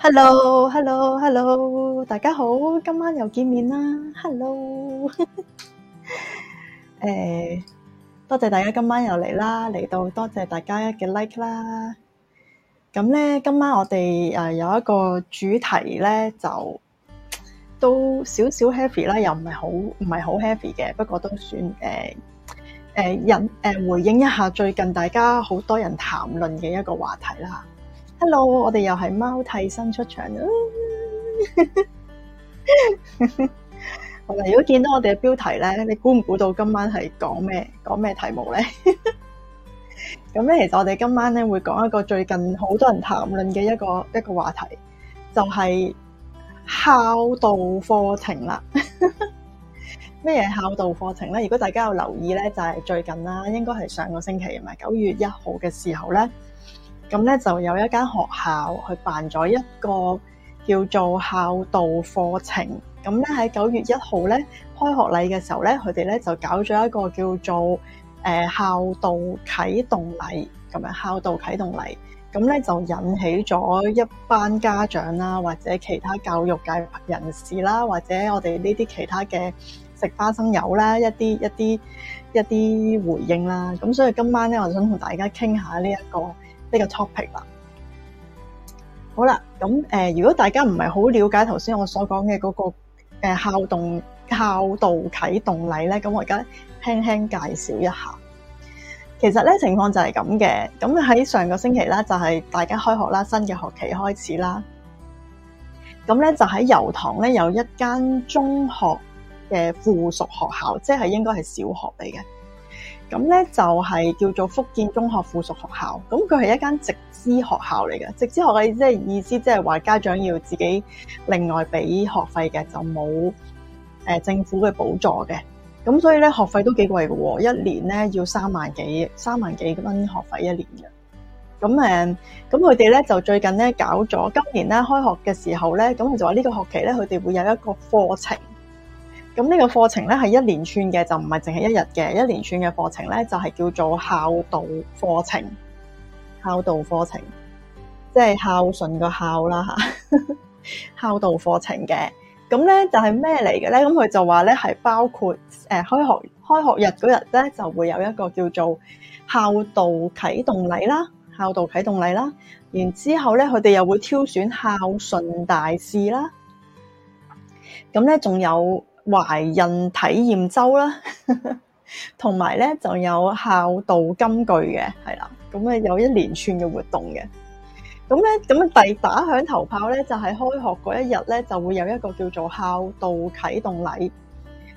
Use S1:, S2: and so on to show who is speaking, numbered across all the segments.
S1: Hello，Hello，Hello，大家好，今晚又見面啦。Hello，誒，多謝大家今晚又嚟啦，嚟到多謝大家嘅 like 啦。咁咧，今晚我哋誒有一個主題咧，就都少少 heavy 啦，又唔係好唔係好 heavy 嘅，不過都算誒誒人誒回應一下最近大家好多人談論嘅一個話題啦。Hello，我哋又係貓替身出場 如果見到我哋嘅標題咧，你估唔估到今晚係講咩？講咩題目咧？咁咧，其實我哋今晚咧會講一個最近好多人談論嘅一個一個話題，就係、是、孝道課程啦。咩嘢孝道課程咧？如果大家有留意咧，就係、是、最近啦，應該係上個星期同埋九月一號嘅時候咧。咁咧就有一間學校去辦咗一個叫做孝道課程。咁咧喺九月一號咧開學禮嘅時候咧，佢哋咧就搞咗一個叫做誒孝道啟動禮咁樣孝道啟動禮。咁咧就引起咗一班家長啦、啊，或者其他教育界人士啦、啊，或者我哋呢啲其他嘅食花生友啦、啊，一啲一啲一啲回應啦、啊。咁所以今晚咧，我就想同大家傾下呢、這、一個。呢、這個 topic 啦，好啦，咁誒、呃，如果大家唔係好了解頭先我所講嘅嗰個誒孝動孝道啟動禮咧，咁我而家輕輕介紹一下。其實咧情況就係咁嘅，咁喺上個星期咧就係、是、大家開學啦，新嘅學期開始啦。咁咧就喺油塘咧有一間中學嘅附屬學校，即係應該係小學嚟嘅。咁咧就係叫做福建中學附屬學校，咁佢係一間直資學校嚟嘅，直資學校嘅即係意思即係話家長要自己另外俾學費嘅，就冇誒政府嘅補助嘅，咁所以咧學費都幾貴嘅喎，一年咧要三萬幾三萬幾蚊學費一年嘅，咁誒，咁佢哋咧就最近咧搞咗，今年咧開學嘅時候咧，咁佢就話呢個學期咧佢哋會有一個課程。咁呢個課程咧係一連串嘅，就唔係淨係一日嘅一連串嘅課程咧，就係叫做孝道課程。孝道課程即係孝順個孝啦，吓孝道課程嘅咁咧就係咩嚟嘅咧？咁佢就話咧係包括誒、呃、開學開學日嗰日咧就會有一個叫做孝道啟動禮啦，孝道啟動禮啦。然之後咧佢哋又會挑選孝順大使啦，咁咧仲有。懷孕體驗周啦，同埋咧就有孝道金句嘅，係啦，咁啊有一連串嘅活動嘅。咁咧，咁第打響頭炮咧，就係、是、開學嗰一日咧，就會有一個叫做孝道啟動禮。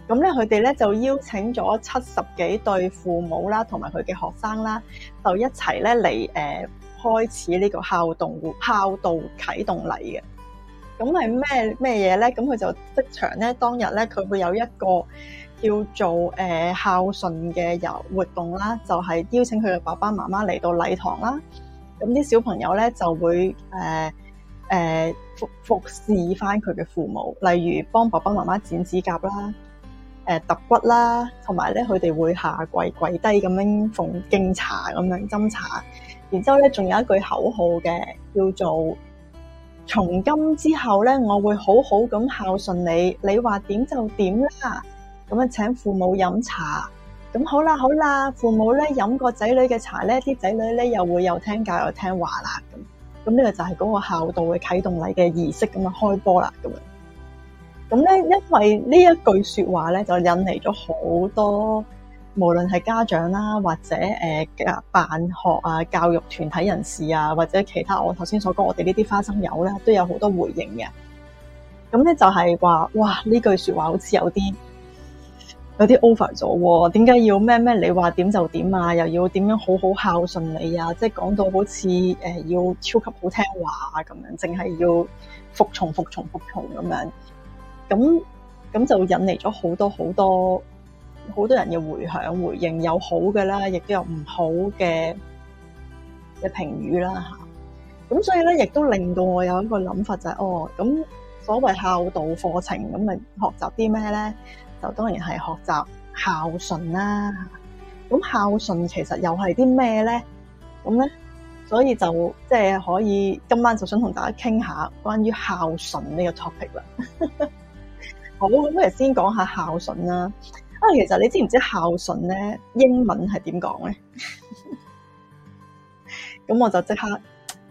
S1: 咁咧，佢哋咧就邀請咗七十幾對父母啦，同埋佢嘅學生啦，就一齊咧嚟誒開始呢個孝、孝啟動孝道啟動禮嘅。咁係咩咩嘢咧？咁佢就即場咧，當日咧，佢會有一個叫做誒、呃、孝順嘅遊活動啦，就係、是、邀請佢嘅爸爸媽媽嚟到禮堂啦。咁啲小朋友咧就會誒誒服服侍翻佢嘅父母，例如幫爸爸媽媽剪指甲啦、誒、呃、揼骨啦，同埋咧佢哋會下跪跪低咁樣奉敬茶咁樣斟茶。然之後咧仲有一句口號嘅叫做。從今之後咧，我會好好咁孝順你，你話點就點啦。咁啊，請父母飲茶。咁好啦，好啦，父母咧飲個仔女嘅茶咧，啲仔女咧又會又聽教又聽話啦。咁咁呢個就係嗰個孝道嘅啟動禮嘅儀式，咁啊，開波啦咁樣。咁咧，因為呢一句說話咧，就引嚟咗好多。無論係家長啦，或者誒嘅、呃、辦學啊、教育團體人士啊，或者其他我頭先所講，我哋呢啲花生友咧，都有好多回應嘅。咁咧就係話，哇！呢句説話好似有啲有啲 over 咗喎，點解要咩咩？你話點就點啊，又要點樣好好孝順你啊？即係講到好似誒、呃、要超級好聽話咁樣，淨係要服從、服從、服從咁樣。咁咁就引嚟咗好多好多。好多人嘅回響回應有好嘅啦，亦都有唔好嘅嘅評語啦吓。咁所以咧，亦都令到我有一個諗法就係、是、哦，咁所謂孝道課程咁咪學習啲咩咧？就當然係學習孝順啦。咁孝順其實又係啲咩咧？咁咧，所以就即係、就是、可以今晚就想同大家傾下關於孝順呢個 topic 啦。 好，咁不如先講下孝順啦。啊，其實你知唔知孝順咧英文係點講咧？咁 我就即刻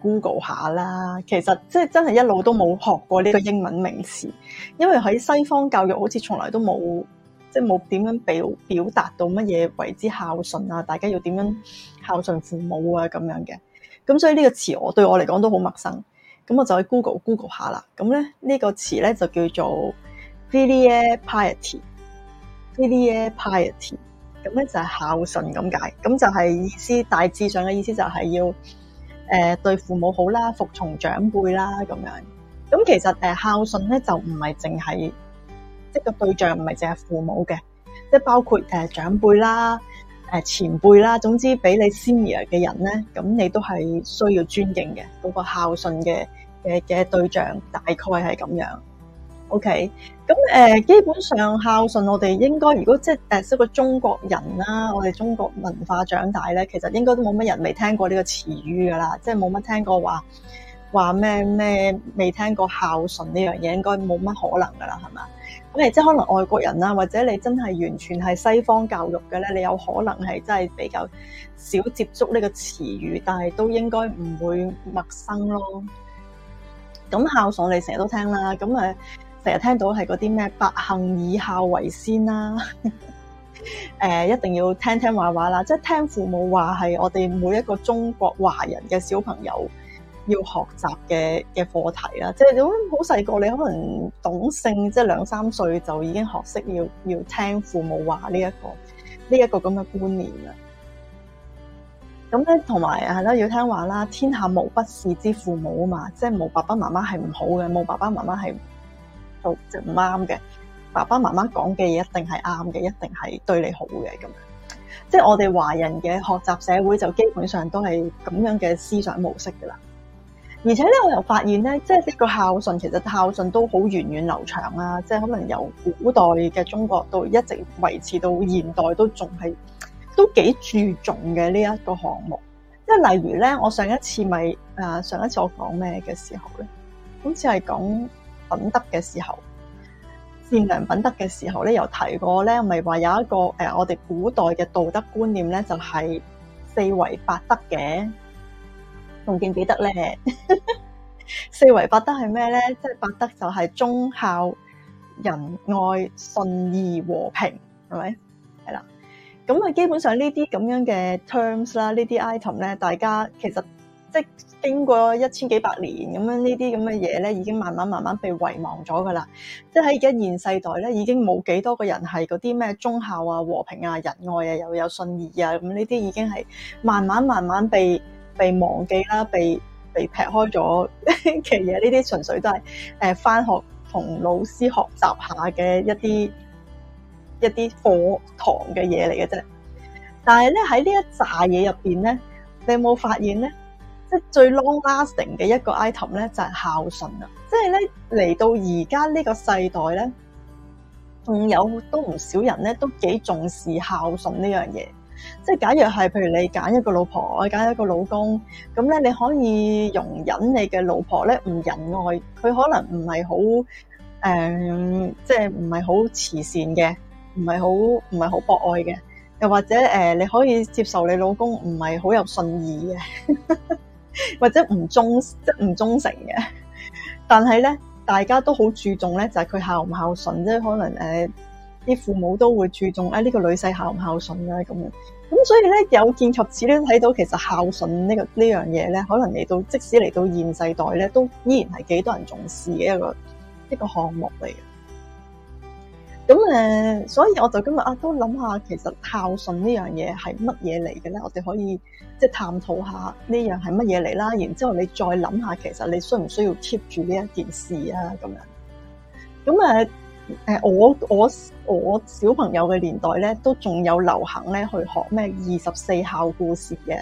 S1: Google 下啦。其實即係真係一路都冇學過呢個英文名詞，因為喺西方教育好似從來都冇，即係冇點樣表表達到乜嘢為之孝順啊，大家要點樣孝順父母啊咁樣嘅。咁所以呢個詞我對我嚟講都好陌生。咁我就去 Google Google 下啦。咁咧，呢個詞咧就叫做 filial piety。呢啲嘢 piety，咁咧就係孝順咁解，咁就係意思，意思大致上嘅意思就係要誒對父母好啦，服從長輩啦咁樣。咁其實誒孝順咧就唔係淨係，即、就、個、是、對象唔係淨係父母嘅，即包括誒長輩啦、誒前輩啦，總之俾你 senior 嘅人咧，咁你都係需要尊敬嘅，嗰、那個孝順嘅嘅嘅對象大概係咁樣。O K，咁誒基本上孝順，我哋應該如果即係誒一個中國人啦、啊，我哋中國文化長大咧，其實應該都冇乜人未聽過呢個詞語噶啦，即係冇乜聽過話話咩咩，未聽過孝順呢樣嘢，應該冇乜可能噶啦，係咪啊？咁誒，即、okay，係可能外國人啦、啊，或者你真係完全係西方教育嘅咧，你有可能係真係比較少接觸呢個詞語，但係都應該唔會陌生咯。咁孝順你成日都聽啦，咁誒。成日聽到係嗰啲咩百行以孝為先啦、啊，誒 一定要聽聽話話啦，即、就、係、是、聽父母話係我哋每一個中國華人嘅小朋友要學習嘅嘅課題啦。即係好好細個，你可能懂性，即、就、係、是、兩三歲就已經學識要要聽父母話呢一個呢一、這個咁嘅觀念啦。咁咧，同埋係咯，要聽話啦，天下無不是之父母啊嘛，即係冇爸爸媽媽係唔好嘅，冇爸爸媽媽係。就唔啱嘅，爸爸媽媽講嘅嘢，一定係啱嘅，一定係對你好嘅咁樣，即係我哋華人嘅學習社會就基本上都係咁樣嘅思想模式噶啦。而且咧，我又發現咧，即係呢個孝順，其實孝順都好源遠流長啊！即係可能由古代嘅中國到一直維持到現代都，都仲係都幾注重嘅呢一個項目。即係例如咧，我上一次咪誒，上一次我講咩嘅時候咧，好似係講。品德嘅時候，善良品德嘅時候咧，又提過咧，咪話有一個誒、呃，我哋古代嘅道德觀念咧，就係四維八德嘅，仲記唔記得咧？ 四維八德係咩咧？即係八德就係忠孝仁愛信義和平，係咪？係啦，咁啊，基本上呢啲咁樣嘅 terms 啦，呢啲 item 咧，大家其實。即係經過一千幾百年咁樣呢啲咁嘅嘢咧，已經慢慢慢慢被遺忘咗噶啦。即係喺而家現世代咧，已經冇幾多個人係嗰啲咩忠孝啊、和平啊、仁愛啊，又有信義啊。咁呢啲已經係慢慢慢慢被被忘記啦，被被劈開咗嘅嘢。其實呢啲純粹都係誒翻學同老師學習下嘅一啲一啲課堂嘅嘢嚟嘅啫。但係咧喺呢一扎嘢入邊咧，你有冇發現咧？即係最 long-lasting 嘅一個 item 咧，就係孝順啦。即係咧，嚟到而家呢個世代咧，仲有都唔少人咧，都幾重視孝順呢樣嘢。即係假若係，譬如你揀一個老婆，揀一個老公，咁咧你可以容忍你嘅老婆咧唔仁愛，佢可能唔係好誒，即係唔係好慈善嘅，唔係好唔係好博愛嘅。又或者誒、呃，你可以接受你老公唔係好有信義嘅。 或者唔忠即唔忠誠嘅，但係咧，大家都好注重咧，就係、是、佢孝唔孝順，即係可能誒，啲、呃、父母都會注重誒呢、哎這個女婿孝唔孝唔孝順啊咁樣，咁所以咧有見及此咧睇到，其實孝順、這個這個、呢個呢樣嘢咧，可能嚟到即使嚟到現世代咧，都依然係幾多人重視嘅一個一個項目嚟。咁誒，所以我就今日啊，都諗下其實孝順呢樣嘢係乜嘢嚟嘅咧？我哋可以即係探討下呢樣係乜嘢嚟啦。然之後你再諗下，其實你需唔需要 keep 住呢一件事啊？咁樣咁啊，誒，我我我小朋友嘅年代咧，都仲有流行咧去學咩二十四孝故事嘅，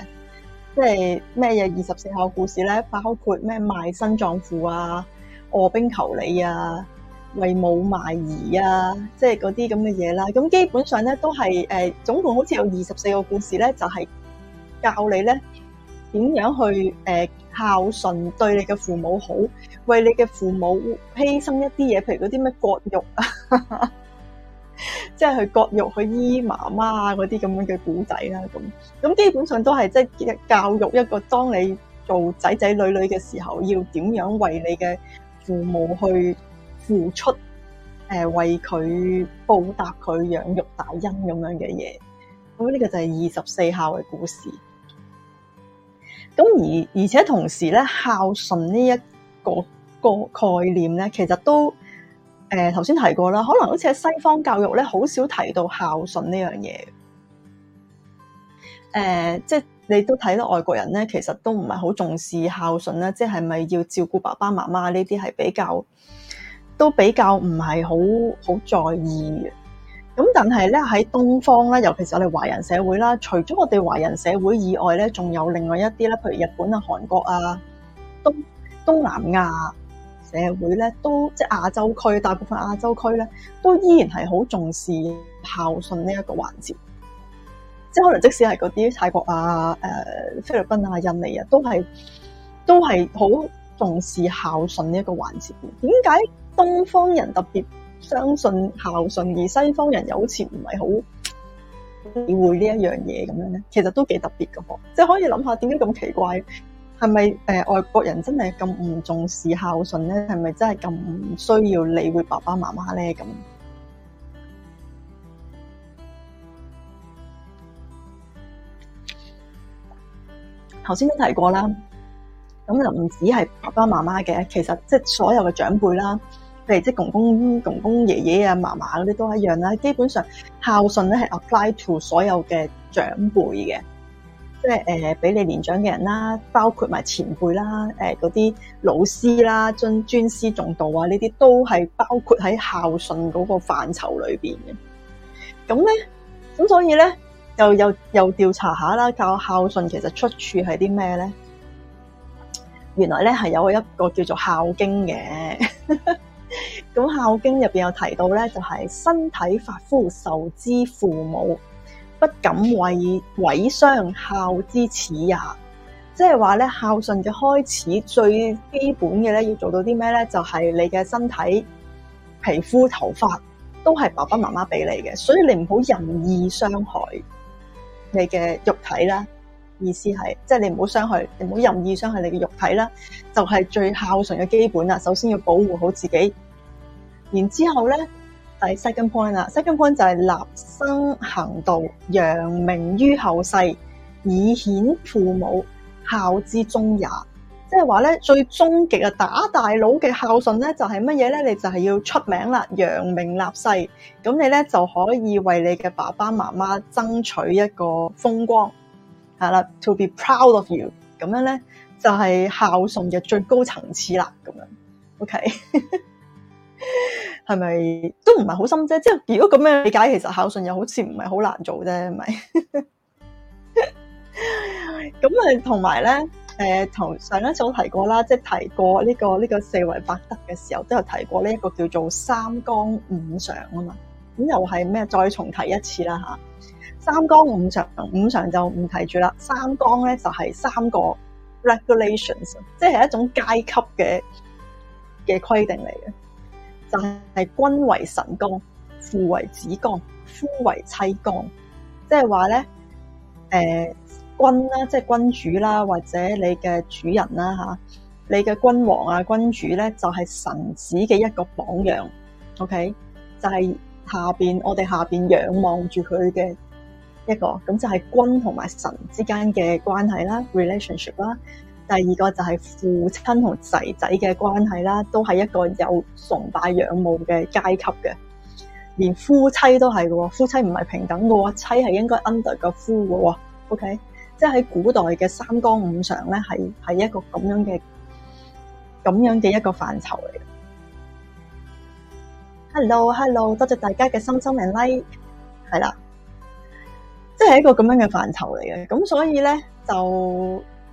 S1: 即係咩嘢二十四孝故事咧？包括咩賣身葬父啊、臥冰求鯉啊。為母賣兒啊，即係嗰啲咁嘅嘢啦。咁基本上咧都係誒，總共好似有二十四個故事咧，就係、是、教你咧點樣去誒孝順，呃、順對你嘅父母好，為你嘅父母犧牲一啲嘢，譬如嗰啲咩割肉、啊，即 係去割肉去醫媽媽啊嗰啲咁樣嘅古仔啦。咁咁基本上都係即係教育一個，當你做仔仔女女嘅時候，要點樣為你嘅父母去。付出，誒、呃、為佢報答佢養育大恩咁樣嘅嘢，咁、這、呢個就係二十四孝嘅故事。咁而而且同時咧，孝順呢、這、一個個概念咧，其實都，誒頭先提過啦，可能好似喺西方教育咧，好少提到孝順呢樣嘢。誒、呃，即係你都睇到外國人咧，其實都唔係好重視孝順啦，即係咪要照顧爸爸媽媽呢啲係比較？都比較唔係好好在意嘅咁，但係咧喺東方咧，尤其是我哋華人社會啦。除咗我哋華人社會以外咧，仲有另外一啲咧，譬如日本啊、韓國啊、東東南亞社會咧，都即係亞洲區大部分亞洲區咧，都依然係好重視孝順呢一個環節。即係可能即使係嗰啲泰國啊、誒、呃、菲律賓啊、印尼啊，都係都係好重視孝順呢一個環節。點解？東方人特別相信孝順，而西方人又好似唔係好理會呢一樣嘢咁樣咧。其實都幾特別嘅喎，即係可以諗下點解咁奇怪？係咪誒外國人真係咁唔重視孝順咧？係咪真係咁唔需要理會爸爸媽媽咧？咁頭先都提過啦，咁就唔止係爸爸媽媽嘅，其實即係所有嘅長輩啦。例如即公公、公公爺爺、爺爺啊、嫲嫲嗰啲都一樣啦。基本上孝順咧係 apply to 所有嘅長輩嘅，即係誒比你年長嘅人啦，包括埋前輩啦、誒嗰啲老師啦、尊尊師重道啊，呢啲都係包括喺孝順嗰個範疇裏邊嘅。咁咧，咁所以咧，又又又調查一下啦，教孝順其實出處係啲咩咧？原來咧係有一個叫做《孝經》嘅。 咁《孝經》入邊有提到咧，就係、是、身體髮膚受之父母，不敢為毀傷，孝之始也。即係話咧，孝順嘅開始最基本嘅咧，要做到啲咩咧？就係、是、你嘅身體、皮膚、頭髮都係爸爸媽媽俾你嘅，所以你唔好任意傷害你嘅肉體啦。意思係，即、就、係、是、你唔好傷害，唔好任意傷害你嘅肉體啦。就係、是、最孝順嘅基本啦，首先要保護好自己。然之後，咧，第 second point 啦，second point 就係立身行道，揚名於後世，以顯父母，孝之終也。即係話咧，最終極嘅打大佬嘅孝順咧，就係乜嘢咧？你就係要出名啦，揚名立世，咁你咧就可以為你嘅爸爸媽媽爭取一個風光，係啦。To be proud of you，咁樣咧就係、是、孝順嘅最高層次啦，咁樣。OK。 係咪都唔係好深啫？即係如果咁樣的理解，其實孝順又好似唔係好難做啫，係咪咁啊？同埋咧，誒，同上一次我提過啦，即係提過呢、這個呢、這個四維八德嘅時候，都有提過呢一個叫做三綱五常啊嘛。咁又係咩？再重提一次啦，吓三綱五常五常就唔提住啦。三綱咧就係三個 regulations，即係一種階級嘅嘅規定嚟嘅。就係、是、君為臣綱，父為子綱，夫為妻綱，即係話咧，誒、呃，君啦，即、就、係、是、君主啦，或者你嘅主人啦吓、啊，你嘅君王啊，君主咧，就係、是、臣子嘅一個榜樣，OK，就係下邊我哋下邊仰望住佢嘅一個，咁就係君同埋臣之間嘅關係啦，relationship 啦。第二個就係父親同仔仔嘅關係啦，都係一個有崇拜仰慕嘅階級嘅，連夫妻都係嘅，夫妻唔係平等嘅，妻係應該 under 個夫嘅，OK，即係喺古代嘅三綱五常咧，係係一個咁樣嘅咁樣嘅一個範疇嚟嘅。Hello，Hello，hello, 多謝大家嘅心心 and like，係啦，即係一個咁樣嘅範疇嚟嘅，咁所以咧就。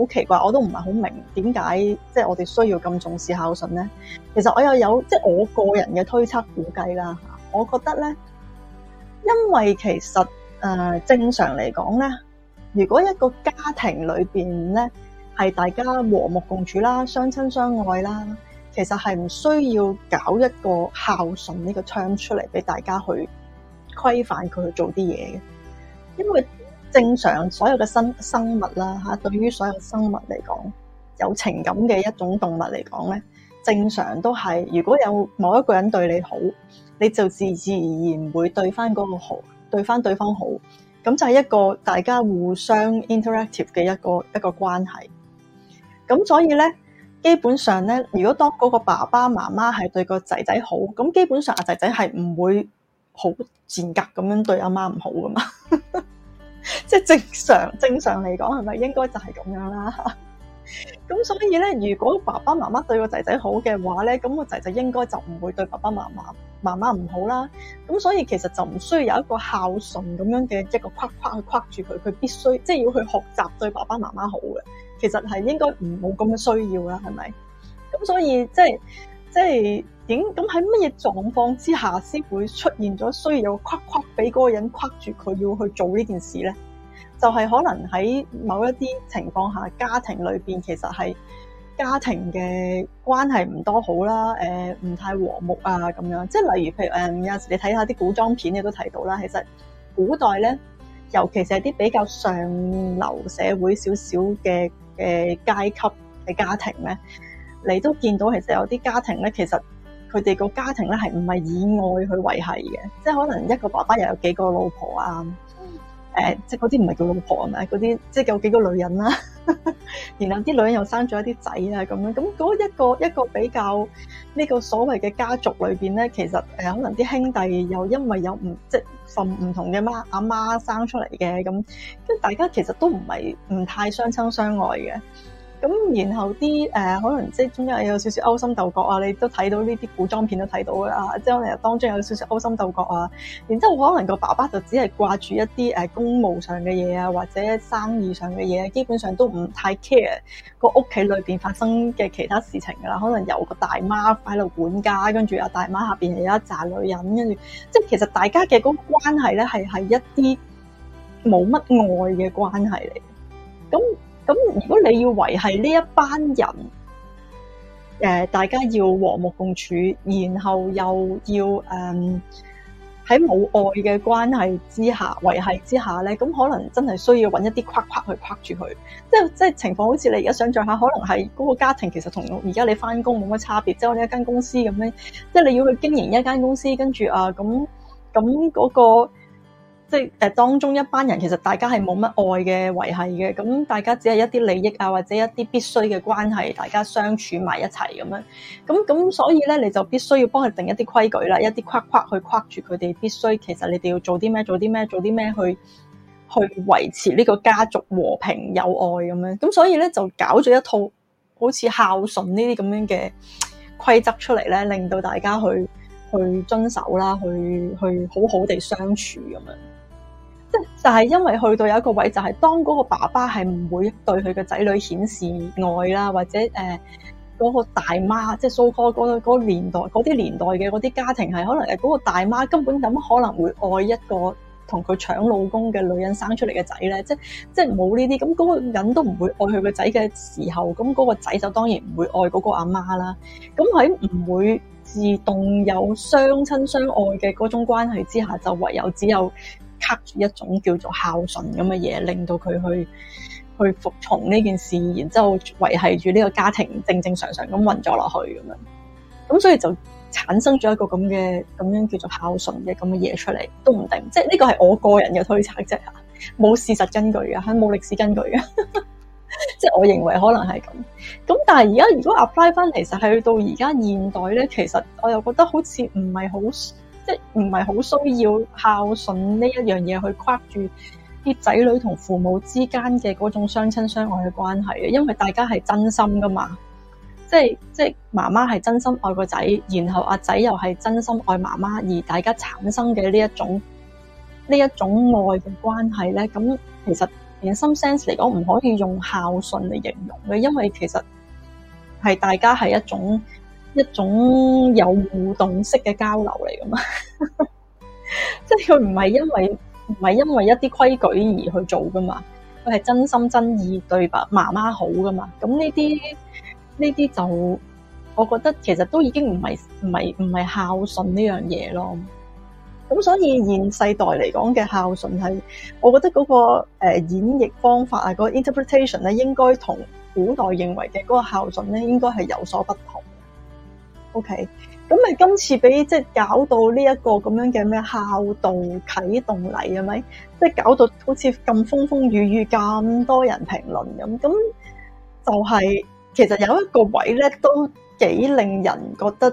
S1: 好奇怪，我都唔係好明點解，即係我哋需要咁重視孝順呢？其實我又有即係、就是、我個人嘅推測估計啦。我覺得咧，因為其實誒、呃、正常嚟講咧，如果一個家庭裏邊咧係大家和睦共處啦、相親相愛啦，其實係唔需要搞一個孝順呢個 term 出嚟俾大家去規範佢去做啲嘢嘅，因為。正常所有嘅生生物啦吓，對於所有生物嚟講，有情感嘅一種動物嚟講咧，正常都係如果有某一個人對你好，你就自自然然會對翻嗰個好，對翻對方好，咁就係一個大家互相 interactive 嘅一個一個關係。咁所以咧，基本上咧，如果當嗰個爸爸媽媽係對個仔仔好，咁基本上阿仔仔係唔會好賤格咁樣對阿媽唔好噶嘛。即係正常正常嚟講係咪應該就係咁樣啦？咁 所以咧，如果爸爸媽媽對個仔仔好嘅話咧，咁個仔仔應該就唔會對爸爸媽媽媽媽唔好啦。咁所以其實就唔需要有一個孝順咁樣嘅一個框框去框住佢，佢必須即係、就是、要去學習對爸爸媽媽好嘅。其實係應該唔冇咁嘅需要啦，係咪？咁所以即係即係。咁喺乜嘢狀況之下先會出現咗，需要框框俾嗰個人框住佢，要去做呢件事咧，就係可能喺某一啲情況下，家庭裏邊其實係家庭嘅關係唔多好啦，誒唔太和睦啊，咁樣即係例如譬如誒有時你睇下啲古裝片，你都睇到啦，其實古代咧，尤其是係啲比較上流社會少少嘅嘅階級嘅家庭咧，你都見到其實有啲家庭咧，其實。佢哋個家庭咧係唔係以愛去維繫嘅？即係可能一個爸爸又有幾個老婆啊？誒、嗯呃，即係嗰啲唔係叫老婆啊嘛？嗰啲即係有幾個女人啦、啊。 然後啲女人又生咗一啲仔啊咁樣。咁嗰一個一個比較呢、呢個所謂嘅家族裏邊咧，其實誒可能啲兄弟又因為有唔即係份唔同嘅媽阿媽生出嚟嘅咁，跟大家其實都唔係唔太相親相愛嘅。咁，然後啲誒、呃，可能即係中間有少少勾心鬥角啊，你都睇到呢啲古裝片都睇到啦。即係可能當中有少少勾心鬥角啊。然之後可能個爸爸就只係掛住一啲誒公務上嘅嘢啊，或者生意上嘅嘢、啊，基本上都唔太 care 個屋企裏面發生嘅其他事情噶啦。可能有個大媽喺度管家，跟住阿大媽下面係有一紮女人，跟住即係其實大家嘅嗰個關係咧，係係一啲冇乜愛嘅關係嚟。咁咁如果你要維繫呢一班人，誒大家要和睦共處，然後又要誒喺冇愛嘅關係之下維繫之下咧，咁可能真係需要揾一啲框框去框住佢。即係即係情況，好似你而家想像下，可能係嗰個家庭其實同而家你翻工冇乜差別，即係我哋一間公司咁咧，即係你要去經營一間公司，跟住啊咁咁嗰個。即係誒，當中一班人其實大家係冇乜愛嘅維係嘅，咁大家只係一啲利益啊，或者一啲必須嘅關係，大家相處埋一齊咁樣。咁咁所以咧，你就必須要幫佢定一啲規矩啦，一啲框框去框住佢哋必須。其實你哋要做啲咩？做啲咩？做啲咩去去維持呢個家族和平友愛咁樣。咁所以咧就搞咗一套好似孝順呢啲咁樣嘅規則出嚟咧，令到大家去去遵守啦，去去好好地相處咁樣。即係就係、是、因為去到有一個位，就係、是、當嗰個爸爸係唔會對佢嘅仔女顯示愛啦，或者誒嗰、呃那個大媽，即係蘇哥嗰個年代嗰啲年代嘅嗰啲家庭係可能誒嗰個大媽根本冇可能會愛一個同佢搶老公嘅女人生出嚟嘅仔咧，即即係冇呢啲咁嗰個人都唔會愛佢個仔嘅時候，咁、那、嗰個仔就當然唔會愛嗰個阿媽啦。咁喺唔會自動有相親相愛嘅嗰種關係之下，就唯有只有，卡住一種叫做孝順咁嘅嘢，令到佢去去服從呢件事，然之後維係住呢個家庭正正常常咁運作落去咁樣。咁所以就產生咗一個咁嘅咁樣叫做孝順嘅咁嘅嘢出嚟，都唔定。即係呢個係我個人嘅推測啫，嚇冇事實根據嘅，冇歷史根據嘅。 即係我認為可能係咁。咁但係而家如果 apply 翻，其實去到而家現代咧，其實我又覺得好似唔係好，即唔係好需要孝順呢一樣嘢去框住啲仔女同父母之間嘅嗰種相親相愛嘅關係啊，因為大家係真心噶嘛即，即係即係媽媽係真心愛個仔，然後阿仔又係真心愛媽媽，而大家產生嘅呢一種呢一種愛嘅關係咧，咁其實 in some sense 嚟講唔可以用孝順嚟形容嘅，因為其實係大家係一種。一種有互動式嘅交流嚟噶嘛，即係佢唔係因為唔係因為一啲規矩而去做噶嘛，佢係真心真意對爸爸媽媽好噶嘛。咁呢啲呢啲就我覺得其實都已經唔係唔係唔係孝順呢樣嘢咯。咁所以現世代嚟講嘅孝順係我覺得個個演繹方法啊，個個 interpretation 咧，應該同古代認為嘅個孝順咧，應該係有所不同。OK，咁咪今次俾即係搞到呢一個咁樣嘅咩孝道啟動禮係咪？即係、就是、搞到好似咁風風雨雨咁多人評論咁，咁就係、是、其實有一個位咧都幾令人覺得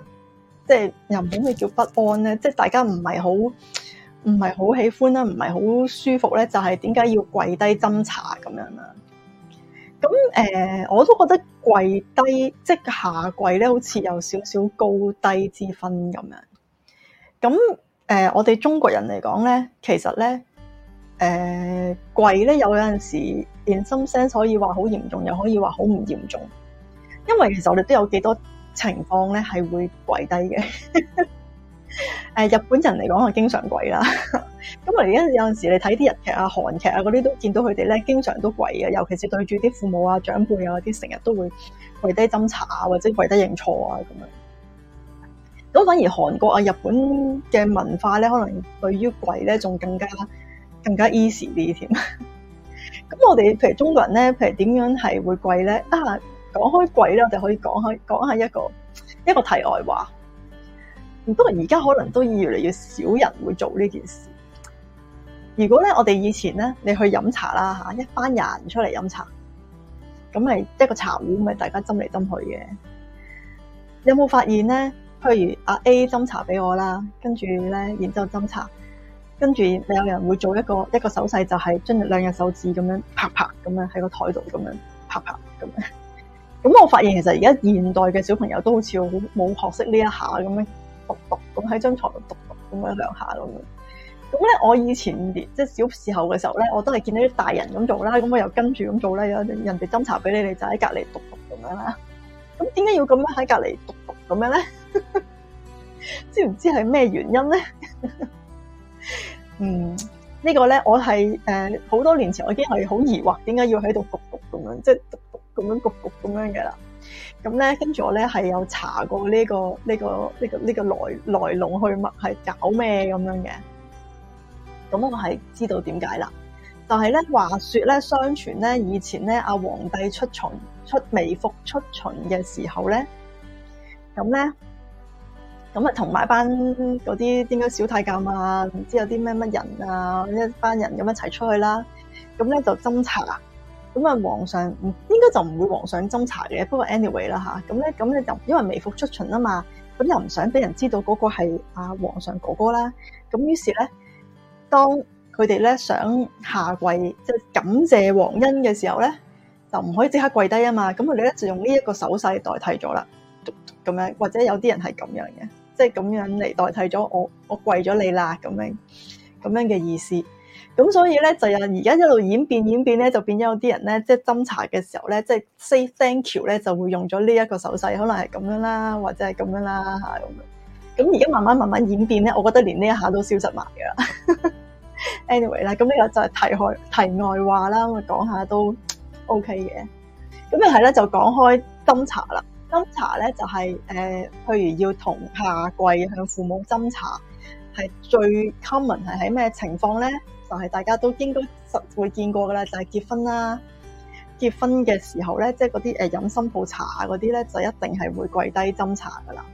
S1: 即係有冇咩叫不安咧？即、就、係、是、大家唔係好唔係好喜歡咧，唔係好舒服咧，就係點解要跪低斟茶咁樣咧？咁誒、呃，我都覺得跪低即下跪咧，好似有少少高低之分咁樣。咁誒、呃，我哋中國人嚟講咧，其實咧誒、呃、跪咧有有陣時，in some sense 可以話好嚴重，又可以話好唔嚴重。因為其實我哋都有幾多情況咧，係會跪低嘅。 誒日本人嚟講，可能經常跪啦。咁我而家有陣時候你看，你睇啲日劇啊、韓劇啊嗰啲，都見到佢哋咧，經常都跪啊。尤其是對住啲父母啊、長輩啊嗰啲，成日都會跪低斟茶啊，或者跪低認錯啊咁樣。咁反而韓國啊、日本嘅文化咧，可能對於跪咧，仲更加更加 easy 啲添。咁 我哋譬如中國人咧，譬如點樣係會跪咧？啊，講開跪咧，我哋可以講下講下一個一個題外話。不過而家可能都越嚟越少人會做呢件事。如果咧，我哋以前咧，你去飲茶啦吓，一班人出嚟飲茶，咁咪一個茶壺，咪大家斟嚟斟去嘅。你有冇發現咧？譬如阿 A 斟茶俾我啦，跟住咧，然之後斟茶，跟住有人會做一個一個手勢，就係將兩隻手指咁樣拍拍咁樣喺個台度咁樣拍拍咁樣。咁我發現其實而家現代嘅小朋友都好似好冇學識呢一下咁樣。讀讀咁喺張床度讀讀咁樣兩下咁樣，咁咧我以前即係小時候嘅時候咧，我都係見到啲大人咁做啦，咁我又跟住咁做啦。有人哋斟茶俾你，你就喺隔籬讀讀咁樣啦。咁點解要咁樣喺隔籬讀讀咁樣咧？ 知唔知係咩原因咧？ 嗯，這個，呢個咧我係誒好多年前我已經係好疑惑，點解要喺度讀讀咁樣，即係讀讀咁樣讀讀咁樣嘅啦？咁咧，跟住我咧係有查過呢、這個呢、這個呢、這個呢、這個來來龍去脈係搞咩咁樣嘅，咁我係知道點解啦。就係、是、咧，話說咧，相傳咧，以前咧阿皇帝出巡出微服出巡嘅時候咧，咁咧，咁啊同埋班嗰啲點解小太監啊，唔知有啲咩乜人啊，一班人咁一齊出去啦，咁咧就斟茶。咁啊，皇上唔應該就唔會皇上斟茶嘅。不過 anyway 啦吓，咁咧咁咧就因為微服出巡啊嘛，咁又唔想俾人知道嗰個係啊皇上哥哥啦。咁於是咧，當佢哋咧想下跪即係、就是、感謝皇恩嘅時候咧，就唔可以即刻跪低啊嘛。咁佢哋咧就用呢一個手勢代替咗啦，咁樣或者有啲人係咁樣嘅，即係咁樣嚟代替咗我我跪咗你啦，咁樣咁樣嘅意思。咁所以咧，就有而家一路演變，演變咧就變咗有啲人咧，即係斟茶嘅時候咧，即係 say thank you 咧，就會用咗呢一個手勢，可能係咁樣啦，或者係咁樣啦吓咁樣。咁而家慢慢慢慢演變咧，我覺得連呢一下都消失埋噶啦。 anyway 啦，咁呢個就係題外話啦，我講下都 OK 嘅。咁又係咧，就講開斟茶啦。斟茶咧就係誒，譬如要同下跪向父母斟茶，係最 common 係喺咩情況咧？就係、是、大家都應該實會見過嘅啦，就係、是、結婚啦，結婚嘅時候咧，即係嗰啲誒飲新抱茶嗰啲咧，就一定係會跪低斟茶噶啦。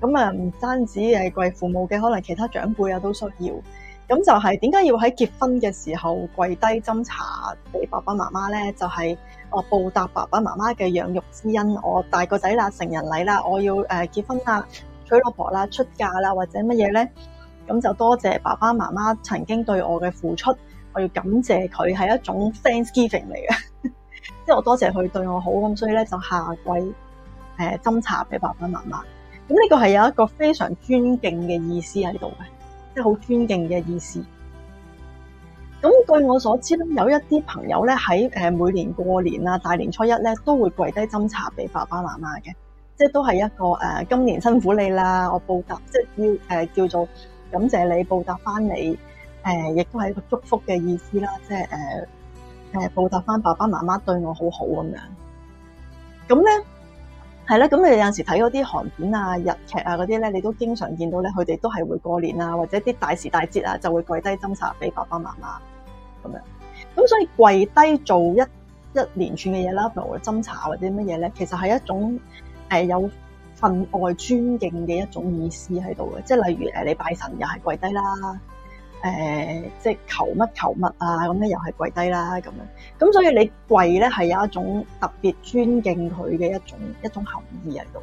S1: 咁啊，唔單止係跪父母嘅，可能其他長輩啊都需要。咁就係點解要喺結婚嘅時候跪低斟茶俾爸爸媽媽咧？就係、是、我報答爸爸媽媽嘅養育之恩。我大個仔啦，成人禮啦，我要誒結婚啦，娶老婆啦，出嫁啦，或者乜嘢咧？咁就多謝爸爸媽媽曾經對我嘅付出，我要感謝佢係一種 thanks giving 嚟嘅， 即係我多謝佢對我好咁，所以咧就下跪誒、呃、斟茶俾爸爸媽媽。咁呢個係有一個非常尊敬嘅意思喺度嘅，即係好尊敬嘅意思。咁據我所知，有一啲朋友咧喺誒每年過年啊大年初一咧都會跪低斟茶俾爸爸媽媽嘅，即係都係一個誒、呃、今年辛苦你啦，我報答，即係要誒叫做。感謝你報答翻你，誒、呃，亦都係一個祝福嘅意思啦，即係誒誒報答翻爸爸媽媽對我好好咁樣。咁咧，係咧，咁你有陣時睇嗰啲韓片啊、日劇啊嗰啲咧，你都經常見到咧，佢哋都係會過年啊，或者啲大時大節啊，就會跪低斟茶俾爸爸媽媽咁樣。咁所以跪低做一一連串嘅嘢啦，譬如斟茶或者乜嘢咧，其實係一種誒、呃、有。分外尊敬嘅一種意思喺度嘅，即係例如誒你拜神又係跪低啦，誒即係求乜求乜啊，咁咧又係跪低啦咁樣，咁所以你跪咧係有一種特別尊敬佢嘅一種一種含義喺度。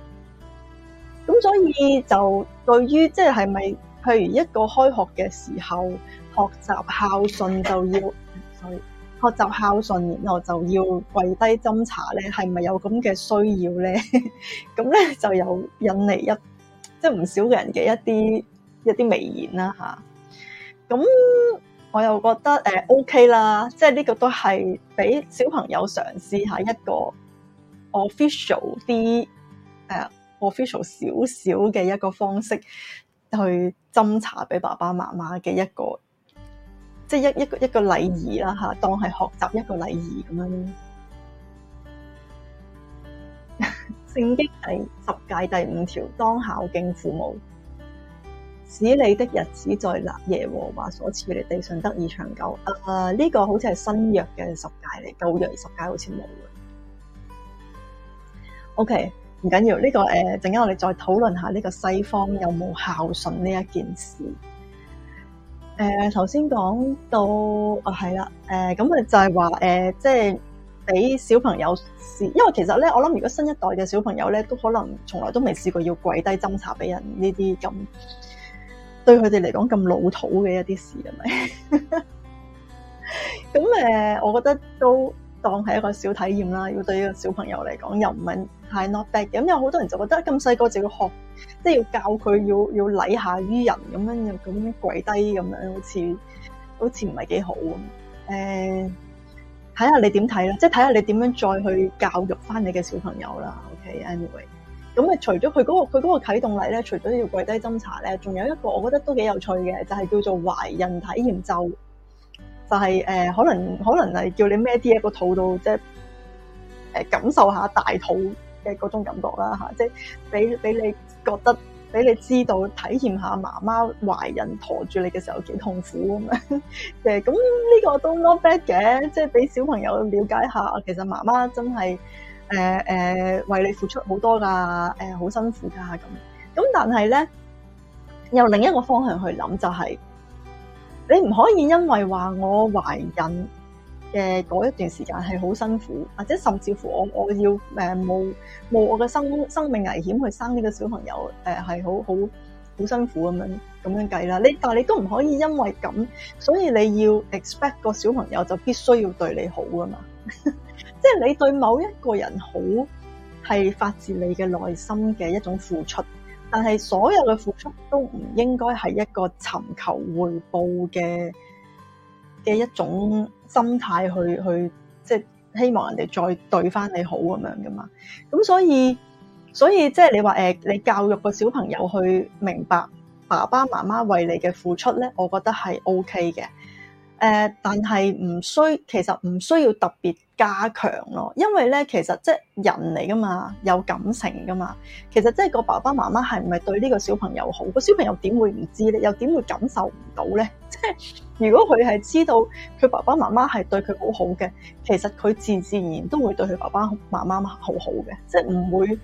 S1: 咁所以就對於即係係咪譬如一個開學嘅時候，學習孝順就要。 所以學習孝順，然後就要跪低斟茶，咧，係咪有咁嘅需要咧？咁 咧就有引嚟一即係唔少嘅人嘅一啲一啲微言啦吓，咁我又覺得誒、呃、OK 啦，即係呢個都係俾小朋友嘗試下一個 official 啲誒 official 少少嘅一個方式去斟茶俾爸爸媽媽嘅一個。即係一一個一個禮儀啦，吓，當係學習一個禮儀咁樣咯。聖 經第十誡第五條，當孝敬父母，使你的日子在耶和華所賜你地上得以長久。呢、啊，這個好似係新約嘅十誡嚟，舊約十誡好似冇 OK，唔緊要，呢、這個誒，陣間我哋再討論下呢個西方有冇孝順呢一件事。誒、呃，頭先講到，係、啊、啦，誒，咁、呃、啊就係話，誒、呃，即係俾小朋友試，因為其實咧，我諗如果新一代嘅小朋友咧，都可能從來都未試過要跪低斟茶俾人呢啲咁，對佢哋嚟講咁老土嘅一啲事係咪？咁誒、 呃，我覺得都。當係一個小體驗啦，要對一個小朋友嚟講又唔係太 not bad。咁有好多人就覺得咁細個就要學，即係要教佢要要禮下於人咁樣，又咁跪低咁樣，好似好似唔係幾好咁。誒、呃，睇下你點睇啦，即係睇下你點樣再去教育翻你嘅小朋友啦。OK，anyway，okay，咁誒除咗佢嗰個佢嗰個啟動禮咧，除咗要跪低斟茶咧，仲有一個我覺得都幾有趣嘅，就係、是、叫做懷孕體驗週。但係誒，可能可能係叫你孭啲嘢喺個肚度，即係誒感受下大肚嘅嗰種感覺啦嚇，即係俾俾你覺得，俾你知道體驗下媽媽懷孕陀住你嘅時候幾痛苦咁樣嘅，咁、啊、呢個都 OK 嘅，即係俾小朋友了解下，其實媽媽真係誒誒為你付出好多噶，誒、呃、好辛苦噶咁。咁、啊、但係咧，由另一個方向去諗就係。你唔可以因為話我懷孕嘅嗰一段時間係好辛苦，或者甚至乎我我要誒冒冒我嘅生生命危險去生呢個小朋友誒係好好好辛苦咁樣咁樣計啦。你但係你都唔可以因為咁，所以你要 expect 個小朋友就必須要對你好啊嘛。即 係你對某一個人好係發自你嘅內心嘅一種付出。但係所有嘅付出都唔應該係一個尋求回報嘅嘅一種心態去去，即係、就是、希望人哋再對翻你好咁樣噶嘛。咁所以所以即係你話誒，你教育個小朋友去明白爸爸媽媽為你嘅付出咧，我覺得係 O K 嘅。誒，但係唔需，其實唔需要特別。加強咯，因為咧，其實即係人嚟噶嘛，有感情噶嘛。其實即係個爸爸媽媽係唔係對呢個小朋友好，個小朋友點會唔知咧？又點會感受唔到咧？即 係如果佢係知道佢爸爸媽媽係對佢好好嘅，其實佢自自然都會對佢爸爸媽媽好好嘅。即係唔會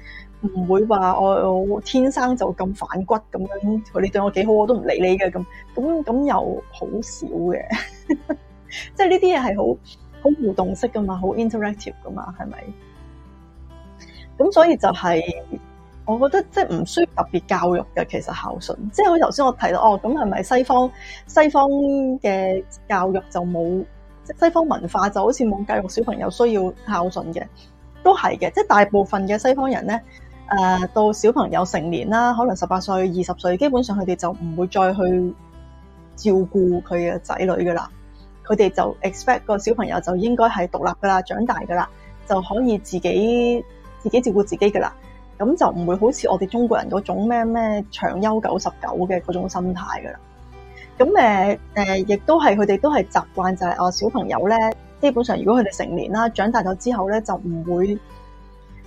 S1: 唔會話我，我天生就咁反骨咁樣，你對我幾好我都唔理你嘅咁咁咁又好少嘅。即係呢啲嘢係好。好互動式噶嘛，好 interactive 噶嘛，係咪？咁所以就係、是，我覺得即係唔需要特別教育嘅，其實孝順，即係好似頭先我提到，哦，咁係咪西方西方嘅教育就冇，即西方文化就好似冇教育小朋友需要孝順嘅，都係嘅，即、就、係、是、大部分嘅西方人咧，誒、呃、到小朋友成年啦，可能十八歲、二十歲，基本上佢哋就唔會再去照顧佢嘅仔女噶啦。佢哋就 expect 個小朋友就應該係獨立噶啦，長大噶啦，就可以自己自己照顧自己噶啦。咁就唔會好似我哋中國人嗰種咩咩長憂九十九嘅嗰種心態噶啦。咁誒誒，亦都係佢哋都係習慣就係、話、啊小朋友咧，基本上如果佢哋成年啦，長大咗之後咧，就唔會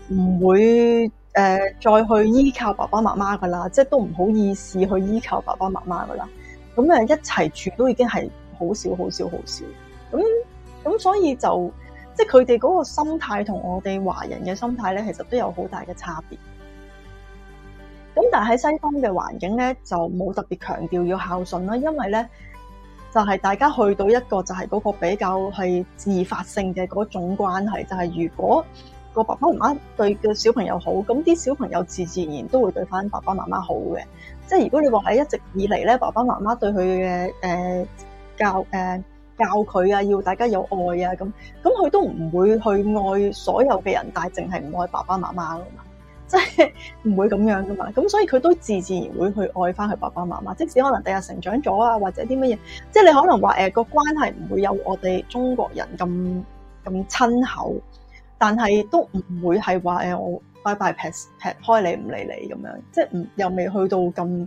S1: 唔會、呃、再去依靠爸爸媽媽噶啦，即、就、係、是、都唔好意思去依靠爸爸媽媽噶啦。咁一齊住都已經係。好少，好少，好少。咁咁，所以就即係佢哋嗰個心態同我哋華人嘅心態咧，其實都有好大嘅差別。咁但係喺西方嘅環境咧，就冇特別強調要孝順啦，因為咧就係、是、大家去到一個就係嗰個比較係自發性嘅嗰種關係。就係、是、如果個爸爸媽媽對個小朋友好，咁啲小朋友自自然都會對翻爸爸媽媽好嘅。即、就、係、是、如果你話喺一直以嚟咧，爸爸媽媽對佢嘅誒。呃教誒教佢啊，要大家有愛啊，咁咁佢都唔會去愛所有嘅人，但係淨係唔愛爸爸媽媽噶嘛，即係唔會咁樣噶嘛。咁所以佢都自自然會去愛返佢爸爸媽媽，即使可能第日成長咗啊，或者啲乜嘢，即係你可能話誒、呃嗰個關係唔會有我哋中國人咁咁親厚，但係都唔會係話誒我拜拜劈劈開你唔理你咁樣，即係唔又未去到咁咁。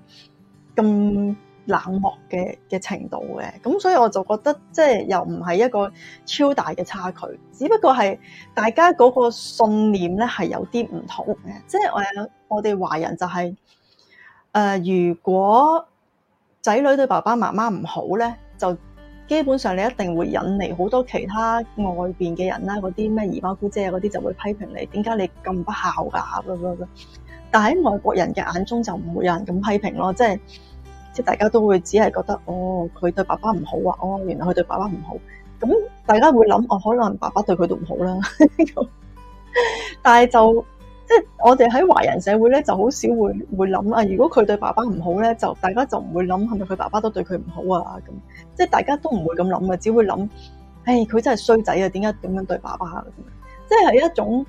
S1: 那麼冷漠嘅嘅程度嘅，咁所以我就覺得，即係又唔係一個超大嘅差距，只不過係大家嗰個信念咧係有啲唔同嘅，即係我哋我哋華人就係、是、誒、呃，如果仔女對爸爸媽媽唔好咧，就基本上你一定會引嚟好多其他外邊嘅人啦，嗰啲咩姨媽姑姐啊嗰啲就會批評你點解你咁不孝噶，咁樣樣。但喺外國人嘅眼中就唔會有人咁批評咯，即係。即大家都會只係覺得哦，佢對爸爸唔好啊，哦，原來佢對爸爸唔好。咁大家會諗哦，可能爸爸對佢都唔好啦，啊。 但係就即我哋喺華人社會咧，就好少會會諗啊。如果佢對爸爸唔好咧，就大家就唔會諗係咪佢爸爸都對佢唔好啊。咁即大家都唔會咁諗啊，只會諗誒佢真係衰仔啊，點解咁樣對爸爸？即係一種。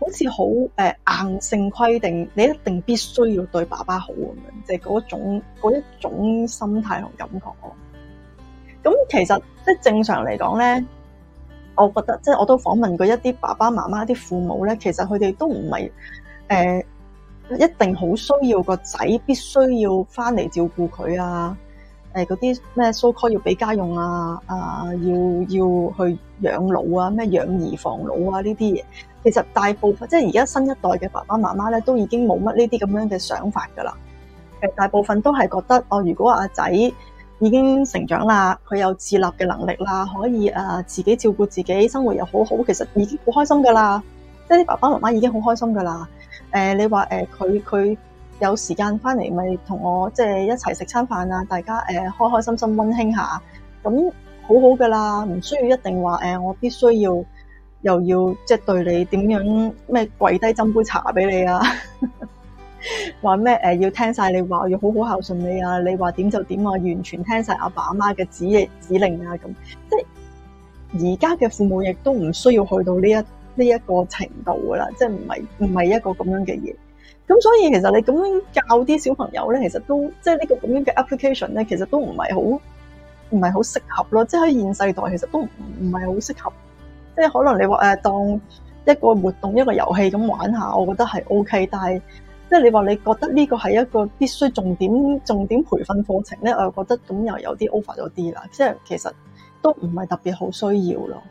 S1: 好似好誒硬性規定，你一定必須要對爸爸好咁樣，即係嗰種嗰一種心態同感覺。咁其實即係正常嚟講咧，我覺得即係我都訪問過一啲爸爸媽媽、啲父母咧，其實佢哋都唔係誒一定好需要個仔必須要翻嚟照顧佢啊，誒嗰啲咩收 l 要俾家用啊，啊要要去養老啊，咩養兒防老啊呢啲嘢。其實大部分即係而家新一代嘅爸爸媽媽咧，都已經冇乜呢啲咁樣嘅想法噶啦。誒，大部分都係覺得哦，如果阿仔已經成長啦，佢有自立嘅能力啦，可以誒自己照顧自己，生活又好好，其實已經好開心噶啦。即係啲爸爸媽媽已經好開心噶啦。誒，你話誒佢佢有時間翻嚟，咪同我即係一齊食餐飯啊！大家誒開開心心溫馨下，咁好好噶啦，唔需要一定話誒我必須要。又要即係、就是、對你點樣咩跪低斟杯茶俾你啊？話咩誒要聽晒你話，要好好孝順你啊？你話點就點啊？完全聽晒阿爸阿媽嘅指指令啊咁，即係而家嘅父母亦都唔需要去到呢一呢一、這個程度噶啦，即係唔係唔係一個咁樣嘅嘢。咁所以其實你咁樣教啲小朋友咧，其實都即係呢個咁樣嘅 application 咧，其實都唔係好唔係好適合咯。即係喺現世代，其實都唔唔係好適合。即係可能你話誒當一個活動、一個遊戲咁玩下，我覺得係 OK。但係即係你話你覺得呢個係一個必須重點重點培訓課程咧，我又覺得咁又有啲 over 咗啲啦。即係其實都唔係特別好需要咯，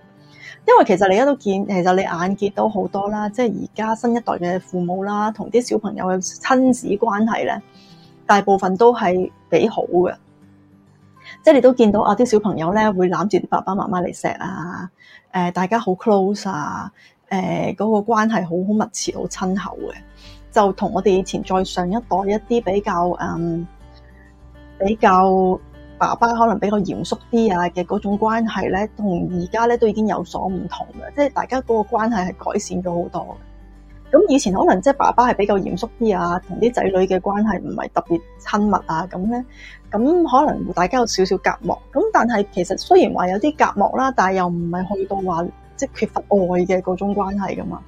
S1: 因為其實你而家都見，其實你眼見到好多啦。即係而家新一代嘅父母啦，同啲小朋友嘅親子關係咧，大部分都係幾好嘅。即係你都見到啊，啲小朋友咧會攬住爸爸媽媽嚟錫啊，誒、呃、大家好 close 啊，誒、呃、嗰個關係好好密切、好親厚嘅，就同我哋以前在上一代一啲比較嗯比較爸爸可能比較嚴肅啲啊嘅嗰種關係咧，同而家咧都已經有所唔同嘅，即係大家嗰個關係係改善咗好多嘅。咁以前可能即係爸爸係比較嚴肅啲啊，同啲仔女嘅關係唔係特別親密啊，咁咧，咁可能大家有少少隔膜。咁但係其實雖然話有啲隔膜啦，但係又唔係去到話即係缺乏愛嘅嗰種關係噶嘛。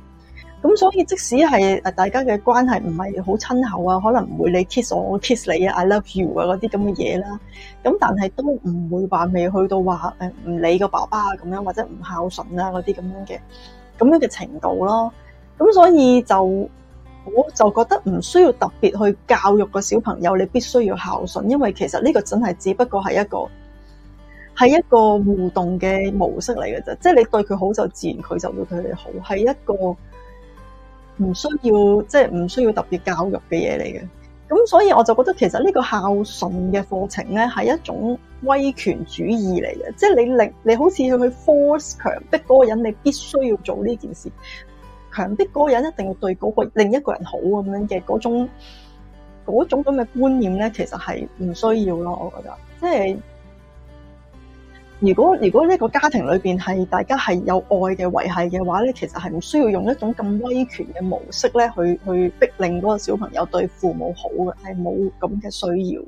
S1: 咁所以即使係誒大家嘅關係唔係好親厚啊，可能唔會你 kiss 我，我 kiss 你啊，I love you 啊嗰啲咁嘅嘢啦。咁但係都唔會話未去到話誒唔理個爸爸啊咁樣，或者唔孝順啊嗰啲咁樣嘅咁樣嘅程度咯。咁所以就我就覺得唔需要特別去教育個小朋友，你必須要孝順，因為其實呢個真係只不過係一個係一個互動嘅模式嚟嘅啫。即係你對佢好，就自然佢就會對你好。係一個唔需要即係唔需要特別教育嘅嘢嚟嘅。咁所以我就覺得其實呢個孝順嘅課程咧係一種威權主義嚟嘅，即係你令你好似要去 force 強迫嗰個人，你必須要做呢件事。強迫嗰個人一定要對嗰、嗰個另一個人好咁樣嘅嗰種嗰種咁嘅觀念咧，其實係唔需要咯。我覺得，即係如果如果呢個家庭裏邊係大家係有愛嘅維繫嘅話咧，其實係唔需要用一種咁威權嘅模式咧去去逼令嗰個小朋友對父母好嘅，係冇咁嘅需要。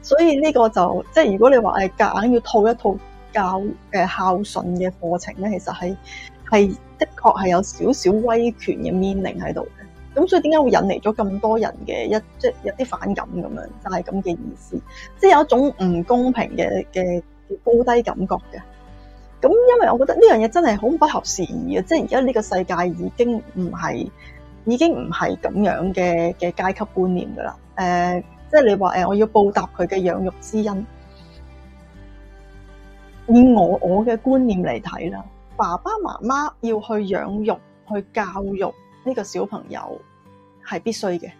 S1: 所以呢個就即係如果你話係夾硬要套一套教嘅、呃、孝順嘅課程咧，其實係。係的確係有少少威權嘅 meaning 喺度嘅，咁所以點解會引嚟咗咁多人嘅一即係有啲反感咁樣，就係咁嘅意思，即係有一種唔公平嘅嘅高低感覺嘅。咁因為我覺得呢樣嘢真係好不合時宜啊。即係而家呢個世界已經唔係已經唔係咁樣嘅嘅階級觀念噶啦。誒、呃，即係你話誒，我要報答佢嘅養育之恩，以我我嘅觀念嚟睇啦。爸爸媽媽要去養育、去教育呢個小朋友係必須嘅，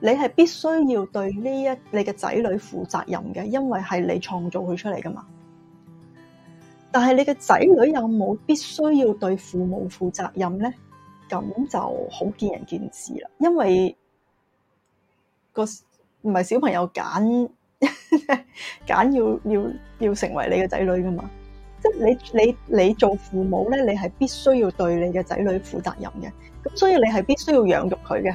S1: 你係必須要對呢一你嘅仔女負責任嘅，因為係你創造佢出嚟㗎嘛。但係你嘅仔女有冇必須要對父母負責任咧？咁就好見仁見智啦。因為、個唔係小朋友揀揀 要要要成為你嘅仔女㗎嘛。你你你做父母咧，你係必須要對你嘅仔女負責任嘅，咁所以你係必須要養育佢嘅，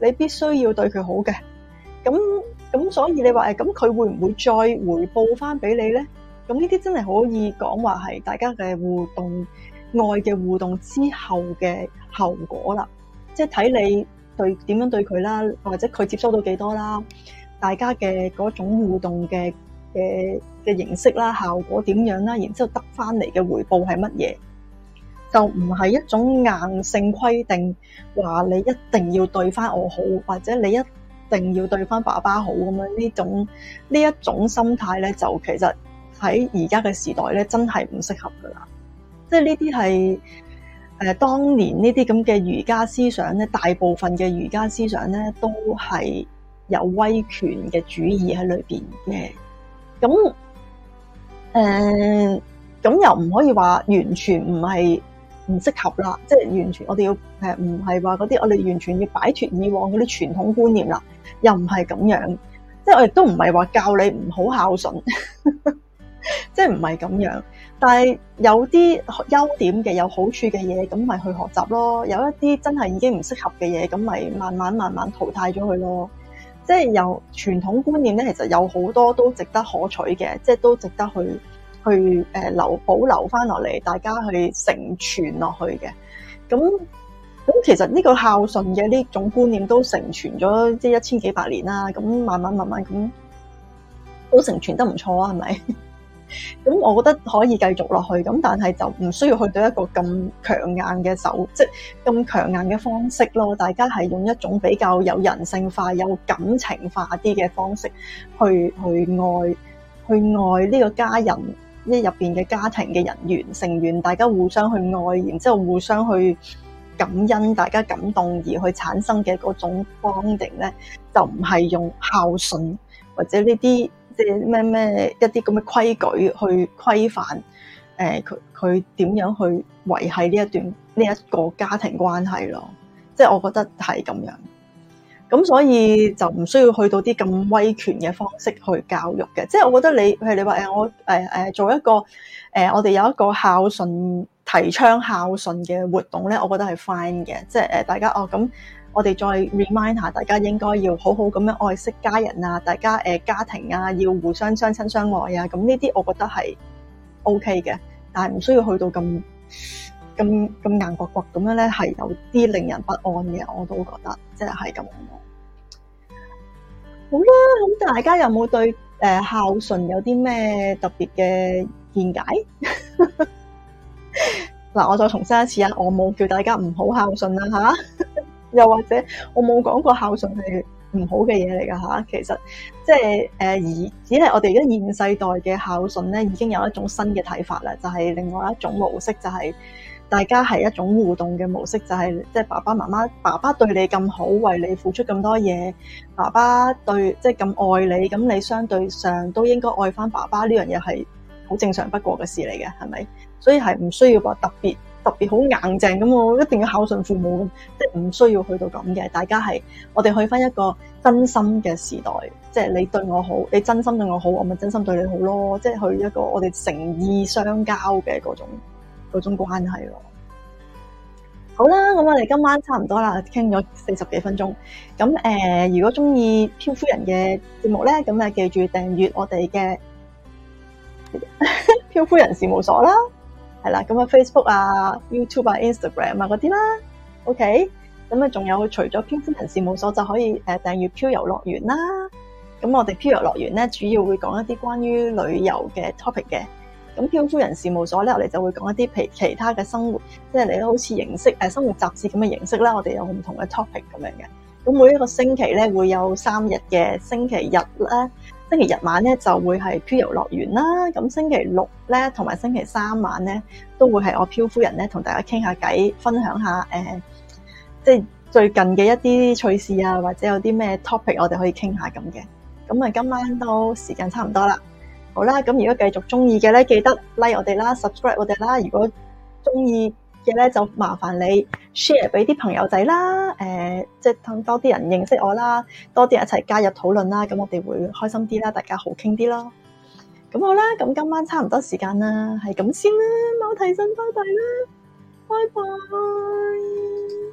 S1: 你必須要對佢好嘅，咁咁所以你話誒，咁佢會唔會再回報翻俾你咧？咁呢啲真係可以講話係大家嘅互動、愛嘅互動之後嘅後果啦，即係睇你對點樣對佢啦，或者佢接收到幾多啦，大家嘅嗰種互動嘅。嘅嘅形式啦，效果點樣啦，然之後得翻嚟嘅回報係乜嘢，就唔係一種硬性規定，話你一定要對翻我好，或者你一定要對翻爸爸好咁樣，呢種呢一種心態咧，就其實喺而家嘅時代咧，真係唔適合噶啦。即係呢啲係誒當年呢啲咁嘅儒家思想咧，大部分嘅儒家思想咧，都係有威權嘅主義喺裏邊嘅。咁，誒、嗯，咁又唔可以話完全唔係唔適合啦，即係完全我哋要誒唔係話嗰啲我哋完全要擺脫以往嗰啲傳統觀念啦，又唔係咁樣，即係我亦都唔係話教你唔好孝順，即係唔係咁樣，但係有啲優點嘅有好處嘅嘢，咁咪去學習咯，有一啲真係已經唔適合嘅嘢，咁咪慢慢慢慢淘汰咗佢咯。即係由傳統觀念咧，其實有好多都值得可取嘅，即係都值得去去誒留保留返落嚟，大家去承傳落去嘅。咁咁其實呢個孝順嘅呢種觀念都承傳咗即係一千幾百年啦。咁慢慢慢慢咁都承傳得唔錯啊，係咪？咁我覺得可以繼續落去，咁但係就唔需要去到一個咁強硬嘅手，即咁強硬嘅方式咯。大家係用一種比較有人性化、有感情化啲嘅方式，去去愛，去愛呢個家人，呢入邊嘅家庭嘅人員成員，大家互相去愛，然之後互相去感恩，大家感動而去產生嘅嗰種綁定呢，就唔係用孝順或者呢啲。咩咩一啲咁嘅規矩去規範誒佢佢點樣去維繫呢一段呢一個家庭關係咯？即係我覺得係咁樣，咁所以就唔需要去到啲咁威權嘅方式去教育嘅。即係我覺得你，譬如你話誒我誒誒、呃呃、做一個誒、呃、我哋有一個孝順提倡孝順嘅活動咧，我覺得係 fine 嘅。即係誒大家哦咁。我哋再 remind 下大家，應該要好好咁樣愛惜家人啊，大家誒家庭啊，要互相相親相愛啊。咁呢啲我覺得係 OK 嘅，但係唔需要去到咁咁咁硬骨骨咁樣咧，係有啲令人不安嘅。我都覺得即係係咁咯。好啦，咁大家有冇對誒孝順有啲咩特別嘅見解？嗱，我再重申一次啊，我冇叫大家唔好孝順啦，嚇。又或者我冇講過孝順係唔好嘅嘢嚟噶吓，其實即係誒而只係我哋而家現世代嘅孝順咧，已經有一種新嘅睇法啦，就係另外一種模式，就係大家係一種互動嘅模式，就係即係爸爸媽媽，爸爸對你咁好，為你付出咁多嘢，爸爸對即係咁愛你，咁你相對上都應該愛返爸爸呢樣嘢係好正常不過嘅事嚟嘅，係咪？所以係唔需要話特別。特別好硬淨咁，我一定要孝順父母咁，即係唔需要去到咁嘅。大家係我哋去翻一個真心嘅時代，即係你對我好，你真心對我好，我咪真心對你好咯。即係去一個我哋誠意相交嘅嗰種嗰種關係咯。好啦，咁我哋今晚差唔多啦，傾咗四十幾分鐘。咁誒、呃，如果中意漂夫人嘅節目咧，咁啊記住訂閱我哋嘅漂夫人事務所啦。係啦，咁啊 Facebook 啊、YouTube 啊、Instagram 啊嗰啲啦，OK。咁啊，仲有除咗漂夫人事務所就可以，誒，訂閱漂遊樂園啦。咁我哋漂遊樂園咧，主要會講一啲關於旅遊嘅 topic 嘅。咁漂夫人事務所咧，我哋就會講一啲，譬其他嘅生活，即係你都好似形式誒，生活雜誌咁嘅形式啦。我哋有唔同嘅 topic 咁樣嘅。咁每一個星期咧，會有三日嘅星期日啦。星期日晚咧就會係漂遊樂園啦，咁星期六咧同埋星期三晚咧都會係我漂夫人咧同大家傾下偈，分享下誒、呃，即係最近嘅一啲趣事啊，或者有啲咩 topic 我哋可以傾下咁嘅。咁啊，今晚都時間差唔多啦，好啦，咁如果繼續中意嘅咧，記得 like 我哋啦，subscribe 我哋啦，如果中意，嘅咧就麻煩你 share 俾啲朋友仔啦，誒即係等多啲人認識我啦，多啲人一齊加入討論啦，咁我哋會開心啲啦，大家好傾啲咯。咁好啦，咁今晚差唔多時間啦，係咁先啦，冇提神拜拜啦，拜拜。